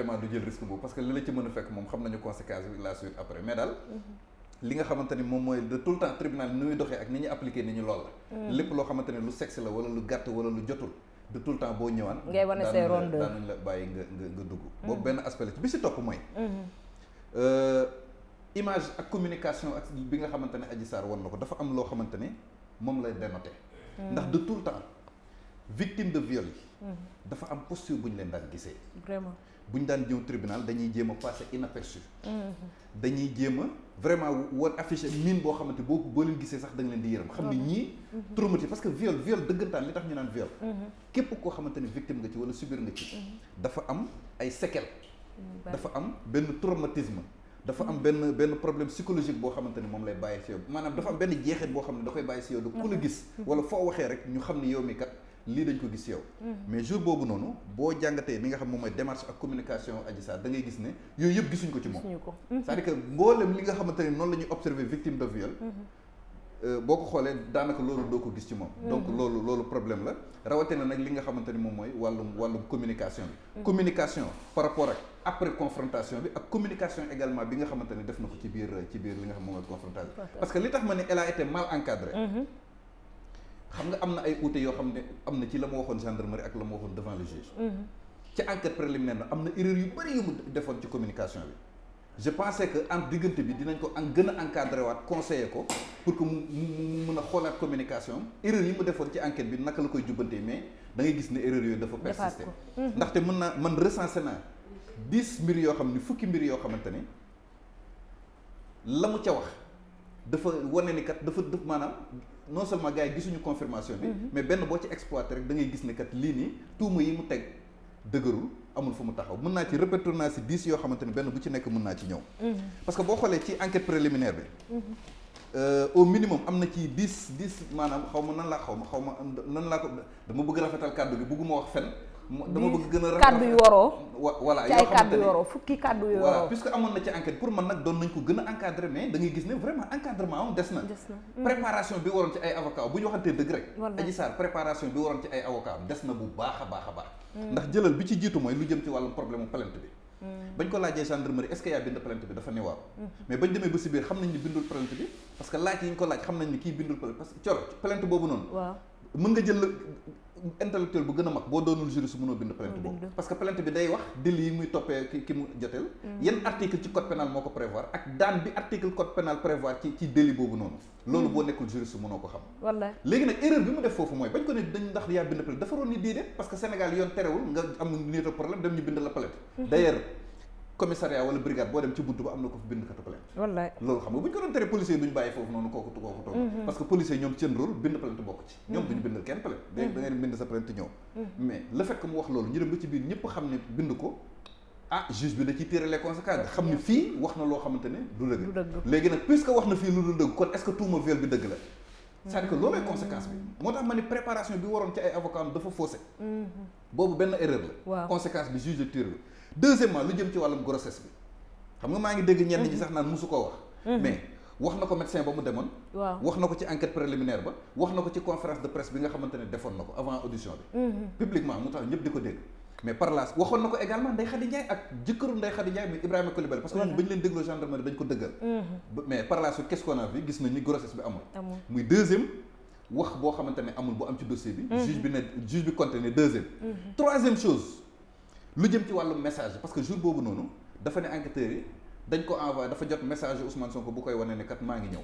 vraiment du jël parce que li la ci mën a fekk moom xam nañu conséquence bi mhm. nga xamante moom mooy de tout le temps tribunal ni muy doxee ak ni ñuy appliqué ni ñu lool mhm. ni lu sexe la wala lu gàtt wala lu jotul de tout temps boo ñëwaan ngay la bàyyi nga nga nga dugg mhm. boobu benn aspect la ci bi topp mooy euh, image ak communication ak bi nga xamante ne Adji Sarr wan na ko dafa am loo xamante ni moom lay dénoté ndax de tout le temps victime de viol yi dafa am posture bu ñu leen daan gisee bu ñu daan jëw tribunal dañuy jéema a passé mm-hmm. dañuy jéem a vraiment woon affiché mine boo xamante boo boo leen gisee sax da leen di yërëm xam ne ñii mm-hmm. traumatisé parce que viol viol dëggantaan li tax ñu naan viol mm-hmm. képp koo xamante ne victime nga ci wala subir nga ci dafa am ay séquelles dafa am benn traumatisme dafa am benn benn problème psychologique boo xamante ne moom lay bàyyi si yow maanaam dafa am benn jeexit boo xam ne da koy bàyyi si yow da wala foo waxee ñu xam ne yow mi kat lii dañ ko gis yow mm-hmm. mais jour boobu noonu boo jàngatee mi nga xam moom mooy démarche ak communication Adji Sarr da ngay gis ne yooyu yëpp gisuñ ko ci moom mm-hmm. c'est-à-dire mboolem li nga xamante noonu la ñuy observer victime de viol mm-hmm. euh, boo ko xoolee daanaka loolu doo ko gis ci moom donc loolu loolu problème la rawatee na nag li nga xamante ni moom mooy wàllum wàllum communication bi communication par rapport ak après confrontation bi ak communication également bi nga xamante ne def na ko xam moom mooy confrontation parce que li tax ma ne xam nga am na ay uute yoo xam ne am na ci la ma waxoon gendarmerie ak la ma waxoon devant le juge mm-hmm. ci enquête préliminaire na am na erreur yu bëri yu mu defoon ci communication bi je pensais que en diggante bi dinañ ko en gën a encadré waat conseiller ko pour que mu mun a xoolaat communication erreur yi mu defoon ci enquête bi naka la koy jubbante mais da gis ne erreur yooyu dafa persister mm-hmm. ndaxte mën naa man recensé naa dix mbir yoo xam ni fukki mbir yoo xamante ni la mu ca wax dafa wane ni kat dafa dëf maanaam non seulement gars yi gisuñu confirmation bi. Mhm. mais benn boo ci exploité rek da ngay gis ne kat lii nii tuuma yi mu teg dëgërul amul fu mu taxaw mën naa ci répertoire naa si dix yoo xamante ni benn bu ci nekk mun naa ci ñëw. Mhm. parce que boo xoolee ci enquête préliminaire bi. Mhm. Euh, au minimum am na ci dix dix maanaam xaw ma nan laa xaw ma xaw ma nan laa ko dama bëgg fetal kàddu gi bëgguma wax fen dama bëgg gën a kàddu kàddu yu waroo fukki kàddu yu waroo puisque nañ ko gën a encadré mm. bi waroon ci ay avocat bu ko laajee mm. xam nañ ni bindul plainte bi parce que laaj yi ñu ko laaj xam nañ ni kii bindul plainte boobu noonu mën nga jël intellectuel bu gën a mag boo doonul juriste mënoo bind plainte boobu parce que plainte bi day wax délit yi muy toppee ki ki mu joteel mm. yan article ci code pénal moo ko prévoir ak daan bi article code pénal prévoir ci ci boobu noonu loolu mm. boo nekkul juriste mënoo ko xam léegi nag erreur bi mu def foofu mooy bañ ko ne dañ ndax yaa bind plainte dafa roon ni déedéet parce que Sénégal yoon terewul nga am niita problème dem ñu bind la plainte mm-hmm. d'ailleurs commissariat wala brigade boo dem ci buntu ba am na ko fi bind katu plainte loolu xam nga bu ko doon tere policier yi duñ bàyyi foofu noonu kooku kooku toog mm-hmm. parce que policier ñoom seen bind plainte bokk ci mm-hmm. ñoom duñu bindal kenn plainte mm-hmm. da ngeen bind sa plainte ñëw mais le fait mu wax loolu ñu dem ci biir ñëpp xam ne bind ko ah juge bi da ciy tiré les conséquences xam ne fii wax na loo xamante ne du dëgg léegi nag puisque wax na fii lu dul dëgg kon deuxièmement lu jëm ci wàllum grossesse bi xam nga maa ngi dégg ñenn ñi mhm. sax naan mosu koo wax mhm. mais wax na ko médecin ba mu demoon wax na ko ci enquête préliminaire ba wax na ko ci conférence de presse bi nga xamante defoon na ko avant audition bi mhm. publiquement mu tax ñëpp di ko dégg mais par waxoon na ko également Ndeye Khady Ndiaye ak jëkkëru Ndeye Khady Ndiaye muy Ibrahima Coulibaly parce que ko dëggal mais gis nañ ni grossesse bi amul muy deuxième lu jëm ci wàllu message parce que jour boobu noonu dafa ne enquêteurs yi dañ ko envoyé dafa jot message yu Ousmane Sonko bu koy wane ne kat maa ngi ñëw.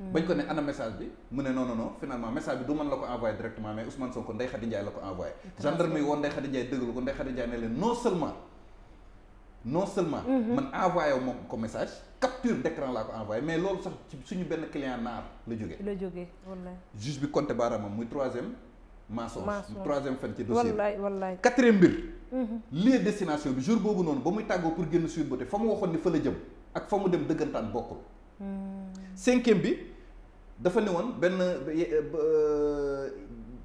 Hmm. bañ ko ne ana message bi mu ne non non non finalement message bi du man la ko envoyé directement mais Ousmane Sonko Ndeye Khady non seulement non seulement. Hmm. man envoyé wu ma ko message capture d'écran laa ko envoyé mais loolu sax ci suñu benn client naar la jógee. la jógee wallaay. juge bi compté baaraamam muy troisième. maçon troisième fen ci dossier bi wallaay quatrième mbir. Mm-hmm. lieu destination bi jour boobu noonu ba muy tàggoo pour génn Sweet Beauté fa mu waxoon ni fa la jëm ak fa mu dem dëggantaan bokkul. Mm. cinquième bi dafa ne woon benn euh,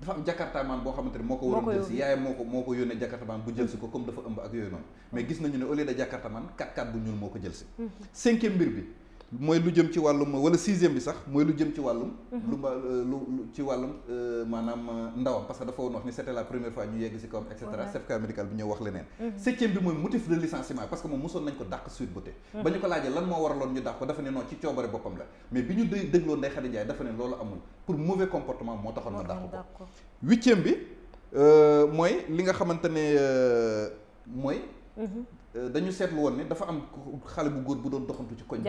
dafa am jakartaamaan boo xamante ne moo ko waroon jël si yaayam moo ko moo ko yónnee jakartaamaan bu jël si ko comme dafa ëmb ak yooyu noonu mais mm. gis nañu ne au lieu de jakartaamaan 4 x bu ñuul moo ko jël si mm-hmm. cinquième mbir bi mooy lu jëm ci wàllum wala sixième bi sax mooy lu jëm ci wàllum. Mhm. lu ma lu ci wàllum euh, maanaam euh, ndawam parce que dafa woon wax ni c'était première fois ñu yegg si kawam et cetera certificat médical bi ñëw wax leneen. Mhm. septième bi mooy motif de licenciement parce que moom mosoon nañ ko dàq Sweet Beauté. Mhm. ba ñu ko laajee lan moo waraloon ñu dàq ko dafa ne non ci coobare boppam la mais bi ñu dé dégloon Ndeye Khady Ndiaye dafa ne loolu amul pour mauvais comportement euh, mooy li nga xamante ne mooy. Euh, dañu seetlu woon ne dafa am xale bu góor bu doon doxantu ci koñ bi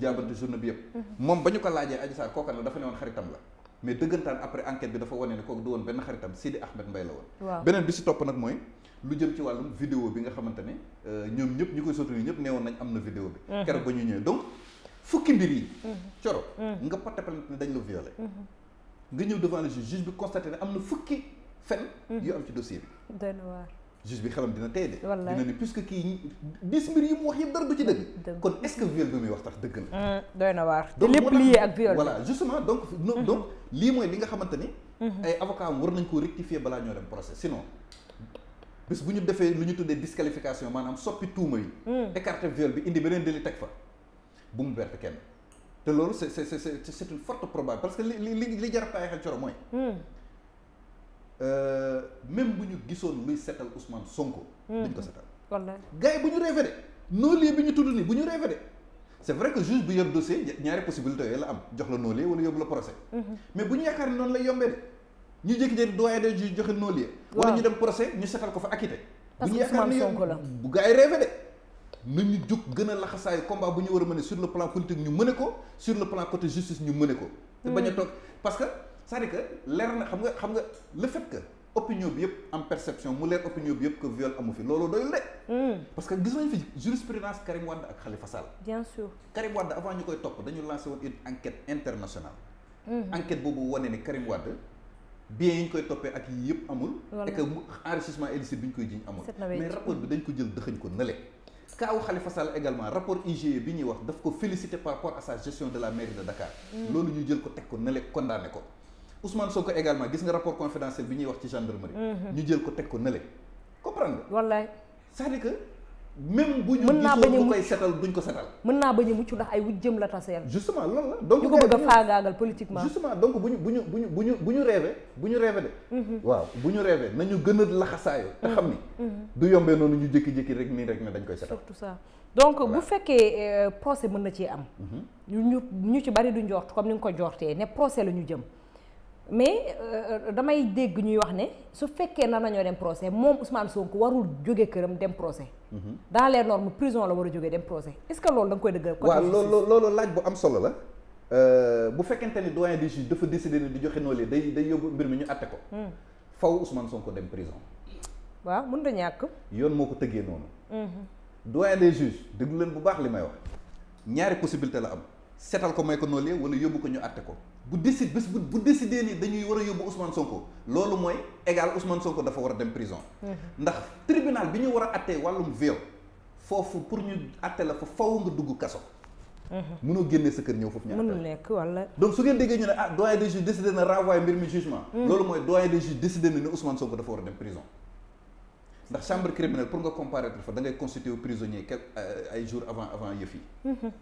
jaabante journée bi yëpp mhm. moom ba ñu ko laajee Adji Sarr kookan la dafa ne woon xaritam la mais dëggantaan après enquête bi dafa wane ne kooku du woon benn xaritam Sidi Ahmed Mbaye la woon beneen bi si topp nag mooy lu jëm ci wàllum vidéo bi nga xamante euh, ñoom ñëpp ñi koy sotu ñëpp nee woon nañ am na vidéo bi mhm. keroog ba ñu ñëwee donc fukki mbir yi mhm. coro nga porté plainte ne dañ juge bi xelam dina tey de dina ne kii dix mbir yi mu wax yëpp dara du ci dëgg kon est viol bi muy wax tax dëgg la mm, doy na waar te lépp lié ak viol voilà justement donc mm-hmm. lii mooy li nga xamante mm-hmm. avocat am war nañ koo rectifier balaa ñoo dem procès sinon bis bu ñu defee lu ñu tuddee disqualification maanaam soppi tuuma yi mm. écarter viol bi indi beneen délit teg fa bu mu berte kenn te loolu c'est c'est c'est une forte probabilité parce que li a Euh, même bu ñu gisoon luy setal Ousmane Sonko. Hmm. duñ ko setal. wallaay gars bu ñu rêvé de non-lieu bi ñu tudd nii bu ñu rêvé de c' est vrai que juge bu yor dossier ñaari possibilité yooyu la am jox la hmm. bu ñu yaakaar ne noonu lay yombee de ñu jékki-jékki doyen joxe non-lieu. wala ñu dem procès ñu setal ko fa acquitté. bu ñu yaakaar ne yow bu gars yi rêvé de. na ñu jug gën a laxasaayu combat bu ñu war a mëne sur le plan politique ñu mëne ko sur le plan côté justice ñu mëne ko. cest à que leer na xam nga xam nga le fait que opinion bi yëpp am perception mu leer opinion bi yëpp que viol amu fi loolu doyul de. Hmm. parce que gis nañu fi jurisprudence Karim Wade ak Khalifa Sall. Karim Wade avant ñu koy topp dañu lancé woon une enquête internationale. Hmm. enquête boobu wane ne Karim Wade bien yi ñu koy toppee ak yii yëpp amul. et que enrichissement bi ñu koy jiñ amul. mais rapport bi dañ ko jël dëxëñ ko nële. kaaw Khalifa Sall également rapport IGE bi ñuy wax daf ko félicité par rapport à sa hmm. ñu jël ko teg ko ko. Ousmane Sonko également gis nga rapport confidentiel bi ñuy wax ci gendarmerie. Mhm. ñu jël ko teg ko nële. comprendre nga. wallaay c'est-à-dire que. même bu ñu gisoon lu koy setal duñ ko setal mën naa bañ a mucc ndax ay wujjëm la taseel justement loolu la ñu ko bëgg a faagaagal politiquement justement donc bu bu ñu bu ñu bu ñu bu ñu rêvé bu ñu rêvé mhm. waaw bu ñu rêvé nañu gën a laxasaayo xam ni mhm. du yombee noonu ñu jékki-jékki rek nii rek dañ koy setal surtout ça donc bu fekkee euh, procès mën na cee am ñu ñu ñu ci bari du njort comme ni nga ko njortee ne procès la ñu jëm mais euh, damay dégg ñuy wax ne su fekkee na nañoo dem procès moom Ousmane Sonko warul jóge këram dem procès. Mhm. dans les normes prison la war a jógee dem procès est-ce que loolu da nga koy dëggal. waaw loolu laaj bu am solo la. Euh, bu fekkente ni doyen des juges dafa décidé ni di joxe noole day day yóbbu mbir mi ñu àtte ko. Hmm. faw Ousmane Sonko dem prison. waaw mën na ñàkk. yoon moo ko tëggee noonu. Hmm. doyen des juges déglu leen bu baax li may wax ñaari possibilité la am seetal ko may ko noole wala yóbbu ñu àtte ko. bu décide bés bu bu décidé ni dañuy war a yóbbu Ousmane Sonko loolu mooy égal Ousmane Sonko dafa war a dem prison. Mm-hmm. ndax tribunal bi ñu war a attee wàllum viol foofu pour ñu atte la fa faw nga dugg kaso. mënoo mm-hmm. génne sa kër ñëw foofu ñu. mënul nekk wala. donc su ngeen déggee ñu ne ah doyen des juges na renvoyer mbir mi jugement. Mm. loolu mooy doyen des juges na ne Ousmane Sonko dafa war a dem prison. ndax chambre criminelle pour nga comparaître fa da ngay euh, mm-hmm.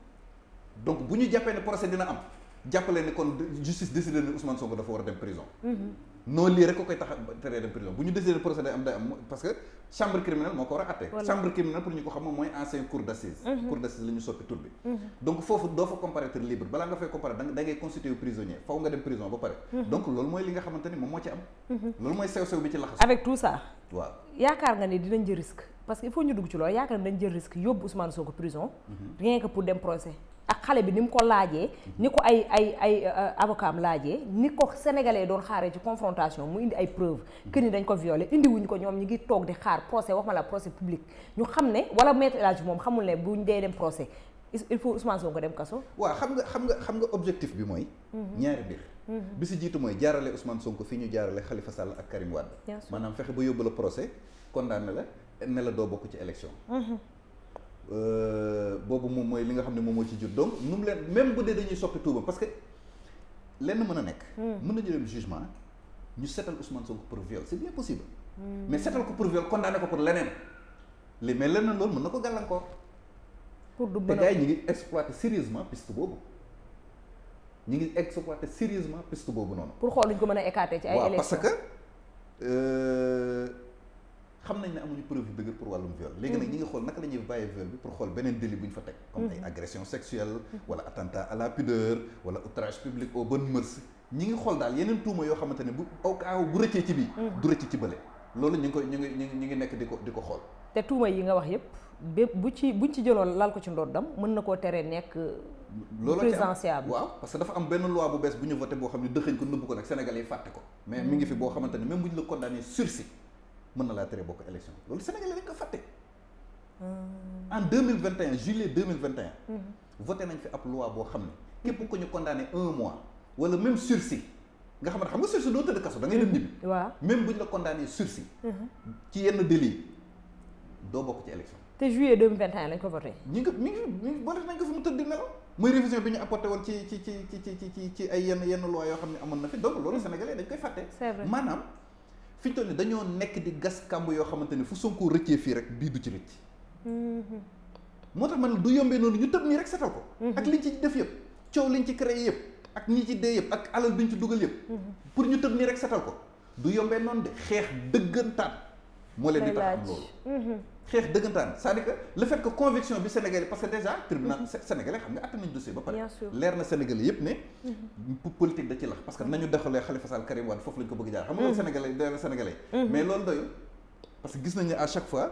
bu ñu jàppee ne jàppale ni kon justice décidé ni Ousmane Sonko dafa war a dem prison. Mhm. noonu lii rek ko koy tax teree dem prison bu ñu décidé procédé am day am parce que chambre criminelle moo ko war a atte. chambre criminelle pour ñu ko xam moom mooy ancien cour d' assise. Mhm. cour d' soppi tur bi. Mhm. donc foofu doo fa comparaître libre balaa nga fay comparaître da ngay prisonnier faw nga dem prison ba pare. donc loolu mooy li nga xamante moom moo ci ak xale bi ni mu ko laajee ni ko ay ay ay euh, avocat am laajee ni ko sénégalais doon xaaree ci confrontation mu indi ay preuve que ni dañ ko violé indi wuñ ko ñoom ñu ngi toog di xaar procès wax ma la procès public ñu xam ne wala maître El Hadji moom xamul ne ñu dee dem procès il faut Ousmane Sonko dem kaso. waaw xam nga xam nga xam nga objectif bi mooy. Mhm. ñaari biir. Mhm. bi si jiitu mooy jaarale Ousmane Sonko fi ñu jaarale xalifa Sall ak Karim Wade. maanaam fexe ba yóbbu la procès condamné la ne la doo bokk ci élection. Mhm. Euh, boobu moom mooy li nga xam ne moom moo ci jur donc nu mu leen même bu dee dañuy soppi tuubam parce que lenn mën a nekk. Hmm. mën nañu dem jugement ñu seetal Ousmane Sonko pour viol c' est bien possible. Hmm. mais seetal ko pour viol condamné ko pour leneen li mais leneen loolu mën na ko gàllankoor. pour du te gars yi ñu ngi exploité sérieusement piste boobu. ñu ngi exploité sérieusement piste boobu noonu. pour xool ñu ko mën a écarté ci ay élections waaw parce que. Euh, xam nañ ne amuñu preuve bu dëgër pour wàllum viol léegi nag mm. ñi nga xool naka la bàyyee viol bi pour xool beneen délit bu ñu fa teg mm. comme ay agression sexuelle wala attentat à la pudeur outrage public aux bonnes mœurs ñi ngi xool daal yeneen tuuma yoo xamante ne bu au cas bu rëccee ci bi mm. du rëcc ci bële loolu ñu ngi koy ñu ngi ñu ngi ñu ngi nekk di ko di ko xool te tuuma yi nga wax yépp bépp bu ci buñ ci jëloon laal ko ci dam mën na koo teree nekk loolu présidentiable waaw bu bees bu ne dëxëñ ko nëbb ko nag Sénégal yi fàtte ko xamante ne même bu ñu la mën na laa tere bokk élection loolu Sénégalais dañ ko fàtte. Hmm. en deux mille vingt et un juillet deux mille vingt et un. Hmm. voté nañ fi ab loi boo xam ne képp ku ñu condamné un mois wala même sursis nga xam xamante xam nga sursis doo tëdd kaso da ngay dem ñibbi. waaw même bu ñu la condamné sursis. Hmm. ci yenn délit doo bokk ci élection. te juillet deux mille vingt et un lañ ko voté. ñu ngi ko nañ ko fi mu tëdd nelaw. mooy révision bi ñu apporté ci ci ci ci ci ci ay yenn yenn loi yoo xam ne amoon na fi donc loolu sénégalais fàtte. c'est vrai maanaam. fi ñu dañoo nekk di gas kàmb yoo xamante ni fu Sonko rëccee fii rek bii du ci rëcc. Mm-hmm. moo tax man du yombee noonu ñu tëb nii rek setal ko. Mm-hmm. ak liñ ci def yëpp coow liñ ci créé yëpp ak ñi ci dee yëpp ak alal biñ ci dugal yëpp. Mm-hmm. pour ñu tëb nii rek setal ko du yombee noonu de xeex dëggantaan. moo leen di tax am loolu. xeex dëggantaan c'est-à-dire que le fait que conviction bi sénégalais parce que déjà tribunal mhm. sénégalais xam nga àtt nañu dossier ba pare leer na sénégalais yëpp ne mhm. politique da ci lax parce que nañu doxalee Khalifa Sall Karim Wade foofu lañ ko bëgg jaar xam nga loolu mhm. sénégalais parce que gis nañu à chaque fois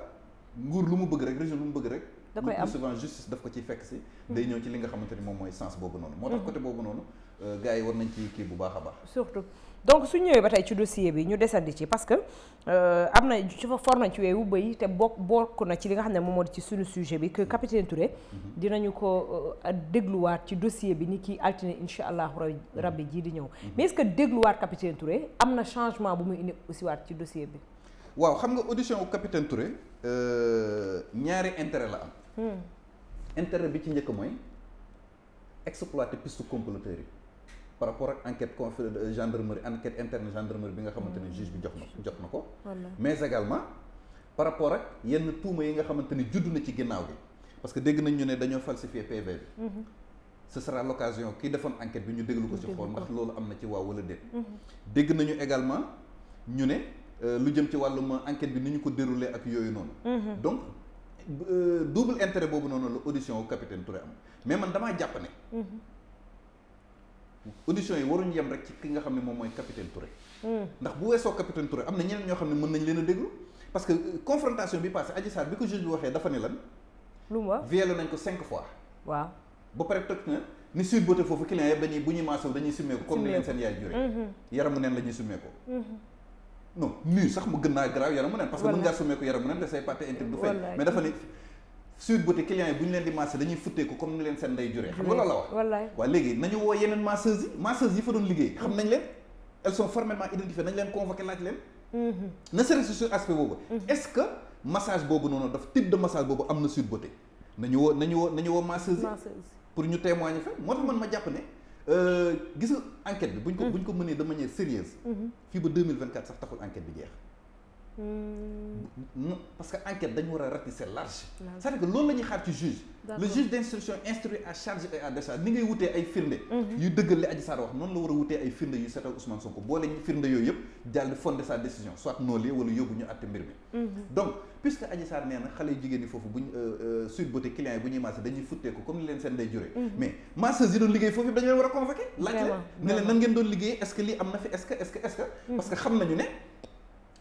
nguur lu mu bëgg rek région lu mu bëgg rek da koy am souvent justice daf ko ciy fekk si day ñëw ci li nga xamante ni moom mooy sens boobu noonu moo tax côté boobu noonu euh, a donc su ñëwee ba tey ci dossier bi ñu desandi ci parce que euh, am na ci fa for nañ ci wu bëy te bokk bokk na ci li nga xam ne moom moo ci suñu sujet bi que capitaine Touré. Mhm. dinañu ko euh, dégluwaat ci dossier bi ni kii altine incha allahu mhm. rabbi jii di ñëw. Mhm. mais est-ce que dégluwaat capitaine Touré am na changement bu mu indi aussi waat ci dossier bi. waaw xam nga audition wu capitaine Touré euh, ñaari intérêt la am. Hmm. intérêt bi ci njëkk mooy exploiter piste comploteur yi. par rapport ak enquête conf euh, gendarmerie enquête interne gendarmerie bi nga xamante ne mm. juge bi jox na jox na ko mais également par rapport ak yenn tuuma yi nga xamante ne na ci ginnaaw bi parce que dégg nañ ñu ne dañoo falsifier PV bi mm-hmm. ce sera l'occasion kii defoon enquête bi ñu déglu ko ci xool ndax loolu am na ci waaw wala déet mm-hmm. dégg nañu également ñu ne euh, lu jëm ci wàllum enquête bi ni ñu ko déroulé ak yooyu noonu mm-hmm. donc euh, double intérêt boobu noonu la audition au capitaine audition yi waruñu yem rek ci ki nga xam ne moom mooy capitaine Touré. Hmm. ndax bu weesoo capitaine Touré am na ñeneen ñoo xam ne mën nañ leen a déglu parce que euh, confrontation bi passé Adji Sarr bi ko juge bi waxee dafa ne lan. nañ summee ko comme ni leen seen yaay jure. Hmm. yaramu neen la ñuy summee ko. Hmm. non nuyu sax mu gën naa grave yaramu neen. parce que mën ngaa summee ko yaramu neen da say pàtte intime du fay mais dafa ne suite beauté clients yi bu ñu leen di massé dañuy futteeku comme ni leen seen nday juree xam nga loolu la wax wallaay léegi nañu woo yeneen masseuses yi masseuses yi fa doon liggéey xam nañ leen elles sont formellement identifiées nañ leen convoqué laaj leen mm-hmm. ne serait boobu mm-hmm. est massage boobu noonu daf type de massage boobu am na suite beauté nañu woo nañu woo nañu woo masseuses yi pour ñu témoigner fa moo tax man ma jàpp ne euh, gis nga bi buñ ko mm-hmm. buñ ko mënee de manière sérieuse Hmm. parce que enquête dañu war a ratisser c'est-à-dire que loolu la xaar ci juge. le juge d'instruction instruit à charge et à décharge ni ngay wutee ay firnde. Mhm. yu dëggal li Adji wax noonu la war a wutee ay firnde yu setal Ousmane Sonko boole firnde yooyu yëpp jàll fondé sa décision soit noolee wala yóbbu ñu àtte mbir mi. Mhm. donc puisque Adji Sarr xale yu jigéen ñi foofu bu ñu euh, euh, suite beauté client yi bu ñuy maase dañuy futtee ko comme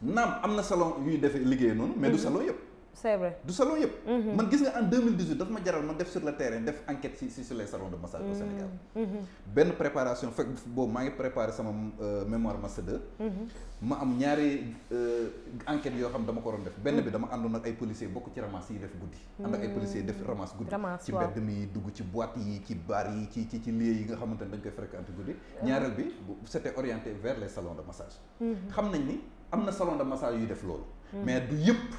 naam am na salon yuy defee liggéey noonu mais du mhm. salon yëpp mhm. man gis nga en 2018 dafa ma jaral man def sur le terrain def enquête si si sur les de massage au mhm. Sénégal benn préparation euh, ma am ñaari euh, enquête yoo ko doon def benn bi dama àndoon ak ay policiers bokk ci ramas yi def guddi ànd ak ay policiers def ramas guddi ci mbedd orienté vers les salons de massage xam nañ ni am na salon de massage yuy def loolu. Hmm. mais du yëpp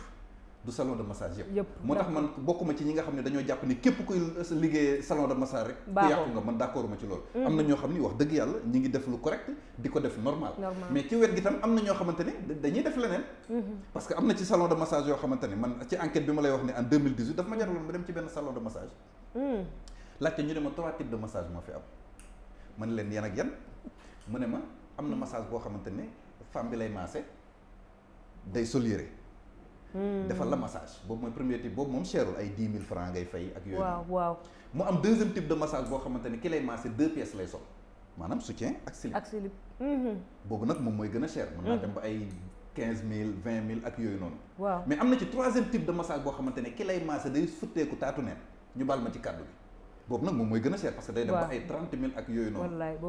du salon de massage yëpp. moo tax man bokkuma ci ñi nga xam ne dañoo jàpp ni képp kuy liggéey salon de massage rek. ku yàqu nga man d' ci loolu. Hmm. am na ñoo xam ni wax dëgg yàlla ñi ngi def lu correct di ko def normal. mais ci wet gi tam am na ñoo xamante ne dañuy def leneen. Hmm. parce que am na ci salon de massage yoo xamante ne man ci enquête bi ma lay wax ne en 2018 daf ma jaraloon ma massage. laajte ñu ne ma trois types de massage ma ne ma am na massage boo xamante ne femme bi lay maase. day solire hmm. defal la massage boobu mooy premier type boobu moom cherul ay dix mille francs ngay fay ak yooyu de massage boo xamante ni ki lay massé deux hmm. boobu nag moom mooy gën a cher mën naa hmm. dem ba vingt mille ak yooyu noonu waaw mais am na ci troisième type de massage boo xamante ne ki lay massé day futteeku taatu neen ñu baal ma ci kàddu bi boobu nag moom mooy gën a cher parce que day dem ba ay trente mille ak yooyu noonu wallaay a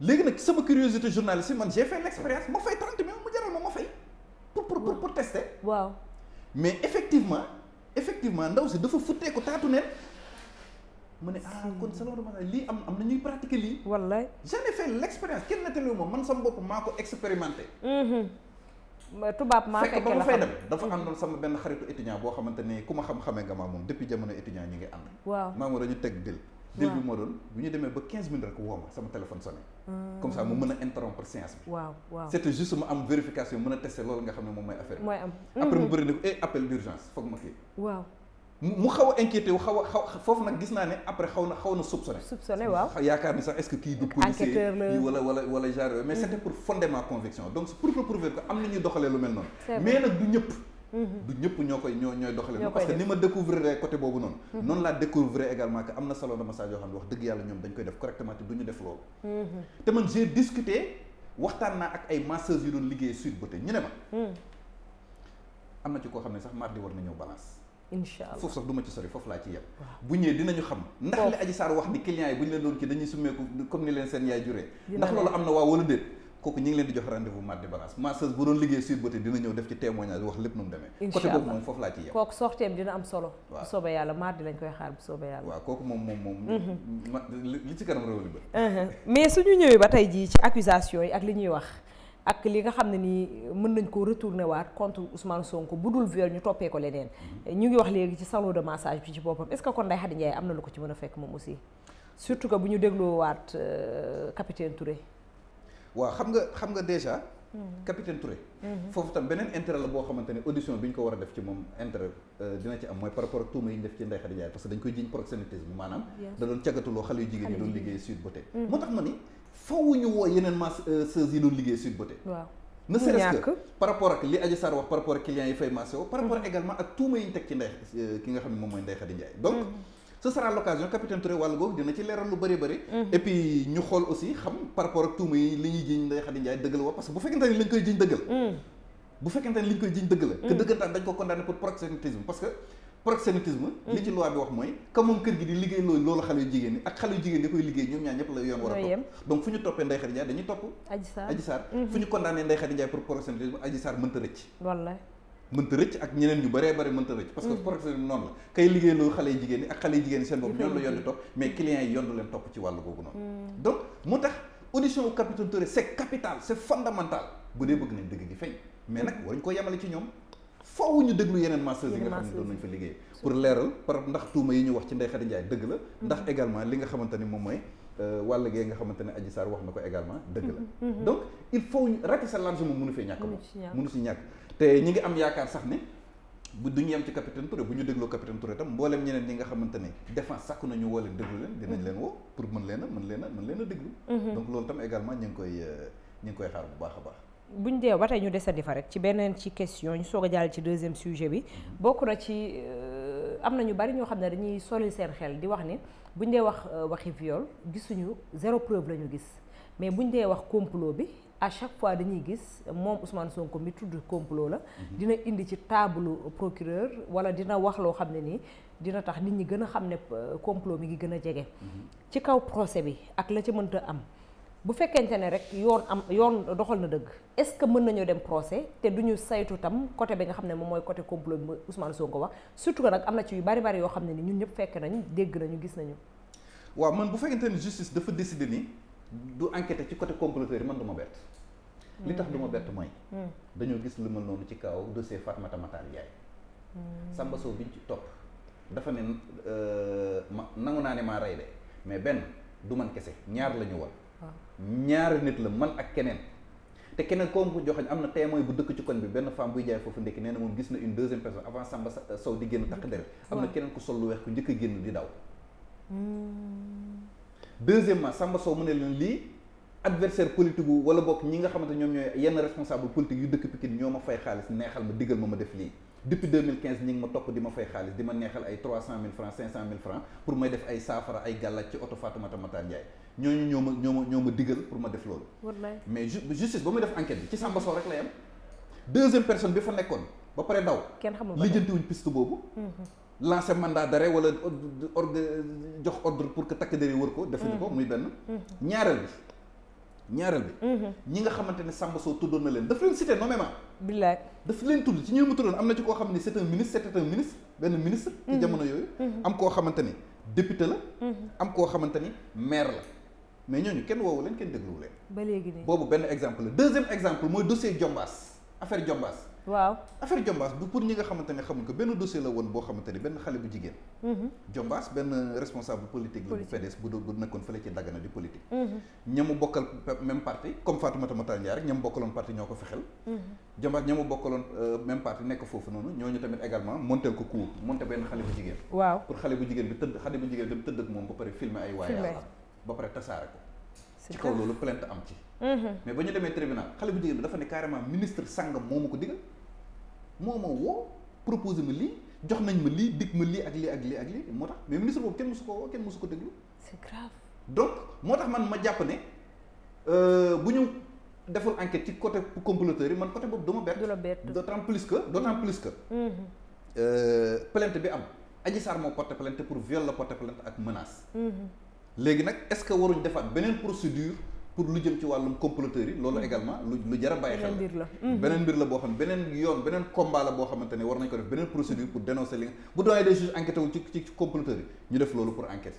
léegi nag sama curiosité journaliste man j'ai l'expérience ma fay trente mille jaral ma ma fay. pour pour pour pour tester. waaw mais effectivement effectivement ndaw si dafa futteeku taatu neen mu ne ah kon salon de massage lii am na ñuy pratiquer lii. wallaay j'en ai fait l'expérience kenn nettaliwu man sama bopp maa ko expérimenté. Mm-hmm. tubaab maa fekk ba ma dem dafa mm-hmm. àndoon sama benn xaritu étudiant boo xamante ne ku ma xam-xamee nga maa moom depuis jamono ñu ngi ànd. waaw a ñu teg début bi moo doon bu ñu demee ba 15 minutes rek woo ma sama téléphone sonné. Hmm. comme ça mu mën a interrompre séance bi. waaw waaw c'était juste mu am vérification moom mooy affaire hmm. eh, mu mu xaw a inquiété wu xaw xaw foofu nag gis naa ne après xaw na xaw na soupçonné. soupçonné waaw yaakaar ni sax est-ce kii du. enquêteur la policier wala mais hmm. c'était pour fonder conviction donc pour prouver que am na ñuy doxalee lu mel noonu. mais nag du ñëpp. Mm-hmm. du ñëpp ñoo koy ñoo ñooy doxale noonu parce que ni ma découvrir côté boobu noonu mm-hmm. noonu laa découvrir également que am na salon de massage yoo xam ne du ñu def loolu mm-hmm. te man j'ai discuté waxtaan naa ak ay masseuses yu doon liggéey Sweet Beauté ñu ne ma mm. am na ci koo xam ne sax mardi war na ñëw balance incha allah foofu sax du ci sori foofu laa ci yem bu ñëwee dinañu xam ndax li Adji Sarr wax ni clients yi bu ñu leen doon kii dañuy summeeku comme ni leen seen yaay juree ndax loolu na kooku ñu ngi leen di jox rendez-vous mardi bagage masseuse bu doon liggéey Sweet Beauté dina ñëw def ci témoignage wax lépp nu mu demee côté ko moom dina am solo bu soobee yàlla mardi lañ koy xaar bu soobee yàlla kooku moom moom moom mhm. li ci kanam réew li ba uh-huh. mais suñu ñëwee ba tey jii ci accusation yi ak li ñuy wax ak li nga xam ne nii mën nañ koo retourner waat contre Ousmane Sonko bu dul viol ñu toppee ko leneen mhm. ñu ngi wax léegi ci salon de massage bi ci boppam est kon Ndeye Khady am na lu ko ci mën a fekk moom aussi surtout que bu ñu dégloo waat euh, capitaine Touré waaw xam nga xam nga déjà. Hmm. capitaine Touré. Hmm. foofu tam beneen intérêt la boo xamante ne audition bi ñu ko war a def ci moom intérêt euh, dina ci am mooy par rapport ak tuuma yi ñu def ci Ndeye Khady ki nga xam ne moom mooy Ndeye Khady Ndiaye donc hmm. ce sera l'occasion capitaine Touré wàll googu dina ci leeral lu bëri bëri mm-hmm. et ñu xool aussi xam par rapport ak tuuma yi li jiñ Ndeye Khady Ndiaye dëgg la parce que bu fekkente li ñu koy jiñ dëgg la mm. bu mm. dëggantaan dañ ko condamné pour proxénétisme parce que proxénétisme li ci mm. loi bi wax mooy que kër gi di liggéey loolu loolu xale yu jigéen ñi ak xale yu jigéen ñi koy liggéey ñoom ñaar ñëpp la yoon war a topp donc fu ñu toppee Ndeye mënta rëcc ak ñeneen ñu bëree bëri mënta rëcc parce que mm-hmm. professeur bi noonu la kay liggéey loolu xale jigéen ñi ak xale jigéen ñi seen bopp ñoom la yondi mais clients yi yondu leen topp ci wàllu googu noonu mm. donc moo tax audition u capitaine Touré c'est capital c'est fondamental bu dee bëgg nañ dëgg gi feeñ mais nag mm-hmm. waruñ ko yemale ci ñoom faaw ñu déglu yeneen masters yi nga xam ne doon nañ fa liggéey pour leeral par ndax tuuma yi ñu wax mm-hmm. li nga xamante ni moom mooy euh, wàll gee nga xamante ne Adji wax na ko également dëgg la te ñi ngi am yaakaar sax ne bu duñu yem ci capitaine Touré bu ñu dégloo capitaine Touré tam mboolem ñeneen ñi nga xamante ne défense sàkku nañu woo leen déglu leen dinañ leen woo pour mën leen a mën leen a mën leen a déglu mhm. donc loolu tam également euh, ñu ngi koy xaar bu baax a baax buñ dee ba tey ñu desandi fa rek ci beneen ci question ñu soog a jàll ci deuxième sujet bi mhm. bokk na ci euh, am na ñu bari ñoo xam ne dañuy solil seen xel di wax ne buñ dee wax euh, waxi viol gisuñu zéro preuve la ñu gis mais buñ dee wax complot bi à chaque fois dañuy gis moom Ousmane Sonko mi tudd complot la. dina indi ci table procureur wala dina wax loo xam ne nii dina tax nit ñi gën a xam ne euh, complot mi ngi gën a jege. Mhm. ci kaw procès bi ak la ci mënta am. bu fekkente ne rek yoon am yoon doxal na dëgg est-ce que mën nañoo dem procès te du ñu saytu tam côté bi nga xam ne moom mooy côté complot bi Ousmane Sonko wax surtout que nag am na ci yu bari bari yoo xam ne ni ñun ñëpp fekk nañ dégg nañu gis nañu. waaw man bu fekkente ne justice dafa décider ni du enquêté ci côté comploteur yi man du ma bett li tax du ma bett mooy hmm. dañoo gis lu mel noonu ci kaw dossier Fatmata Matar Ndiaye hmm. Samba Sow biñ ci topp dafa ne euh, ma nangu naa ne maa rey de mais benn du man kese ñaar lañu ñu wal ah. ñaari nit la man ak keneen te keneen koom ko joxañ am na témoin bu dëkk ci koñ bi benn femme buy jaay foofu ndekki nee moom gis na une deuxième personne avant Samba Sow di génn takk deret am na keneen ku sol lu weex ku njëkk a génn di daw hmm. deuxièmement Samba Sow mu ne leen lii adversaire politique wu wala bokk ñi nga xamante ñoom ñooy yenn responsable politique yu dëkk Pikine ñoo ma fay xaalis neexal ma diggal ma ma def lii depuis 2015 ñi ngi topp di ma fay xaalis di ma neexal ay 300000 francs 500000 francs pour may def ay saafara ay gàllaaj ci oto Fatoumata Matar Ndiaye ñooñu ñoo ma ñoo ma ñoo ma diggal pour ma def loolu mais justice ba muy def enquête bi ci Samba Sow ba pare daw lijjanti lancer mandat d'arrêt wala ordre jox ordre pour que takk der yi wër ko. defuñu mm. ko muy benn. Mm-hmm. ñaareel bi ñaareel bi. Mm-hmm. ñi nga xamante ne Samba Sow tuddoon na leen daf leen cité nommément. billaay daf leen tudd ci ñoom mu tuddoon am na ci koo xam ne c'est un ministre c'était un ministre benn ministre. ci mm-hmm. jamono yooyu. am koo xamante ni député la. am koo xamante ni maire la. mais ñooñu kenn woowu leen kenn dégluwu leen. boobu benn exemple la deuxième exemple mooy do Jombaas affaire Jombaas. waaw affaire Jombaas du pour ñi nga xamante ne xamuñ ko benn dossier la woon boo xamante ne benn xale bu jigéen. Jombaas mhm. benn responsable politique la bu PDS bu doon bu nekkoon fële ci Dagana di politique. Mhm. ñamu bokkal même parti comme Fatoumata Matar Ndiaye ñamu bokkaloon parti ñoo ko fexel. Jombaas mhm. ñamu bokkaloon euh, même parti nekk foofu noonu ñooñu tamit également montel ko coup monté benn xale bu jigéen. waaw pour xale bu jigéen bi tëdd xale bu jigéen bi tëdd ak moom ba pare filmer ay waaye ba pare tasaare ko. ci kaw loolu plainte am ko digal moo ma woo proposé ma lii jox nañ ma lii dig ma lii ak lii ak lii ak moo tax mais ministre boobu kenn mosu ko woo kenn mosu ko déglu. c'est donc moo tax man ma jàpp ne euh, bu ñu deful enquête ci côté comploteur yi man côté boobu dama bett. du la bett d'autant plus que d'autant mm-hmm. plus que. Mm-hmm. Euh, plainte bi am. Adji Sarr moo porté plante pour viol la porté plainte ak menace. Mm-hmm. léegi nag est-ce que waruñ defaat beneen procédure. pour lu jëm ci wàllum comploteurs yi loolu mm. également lu lu jar a bàyyi xel mm-hmm. beneen mbir la boo xam ne beneen yoon beneen combat la boo xamante ne war nañ ko def beneen procédure pour dénoncer li nga bu doonee des juges enquêté wu ci ci comploteurs yi ñu def loolu pour enquête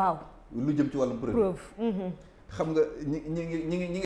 waaw lu jëm ci wàllum preuve. preuve. Mhm. xam nga ñi ñi ñi ñi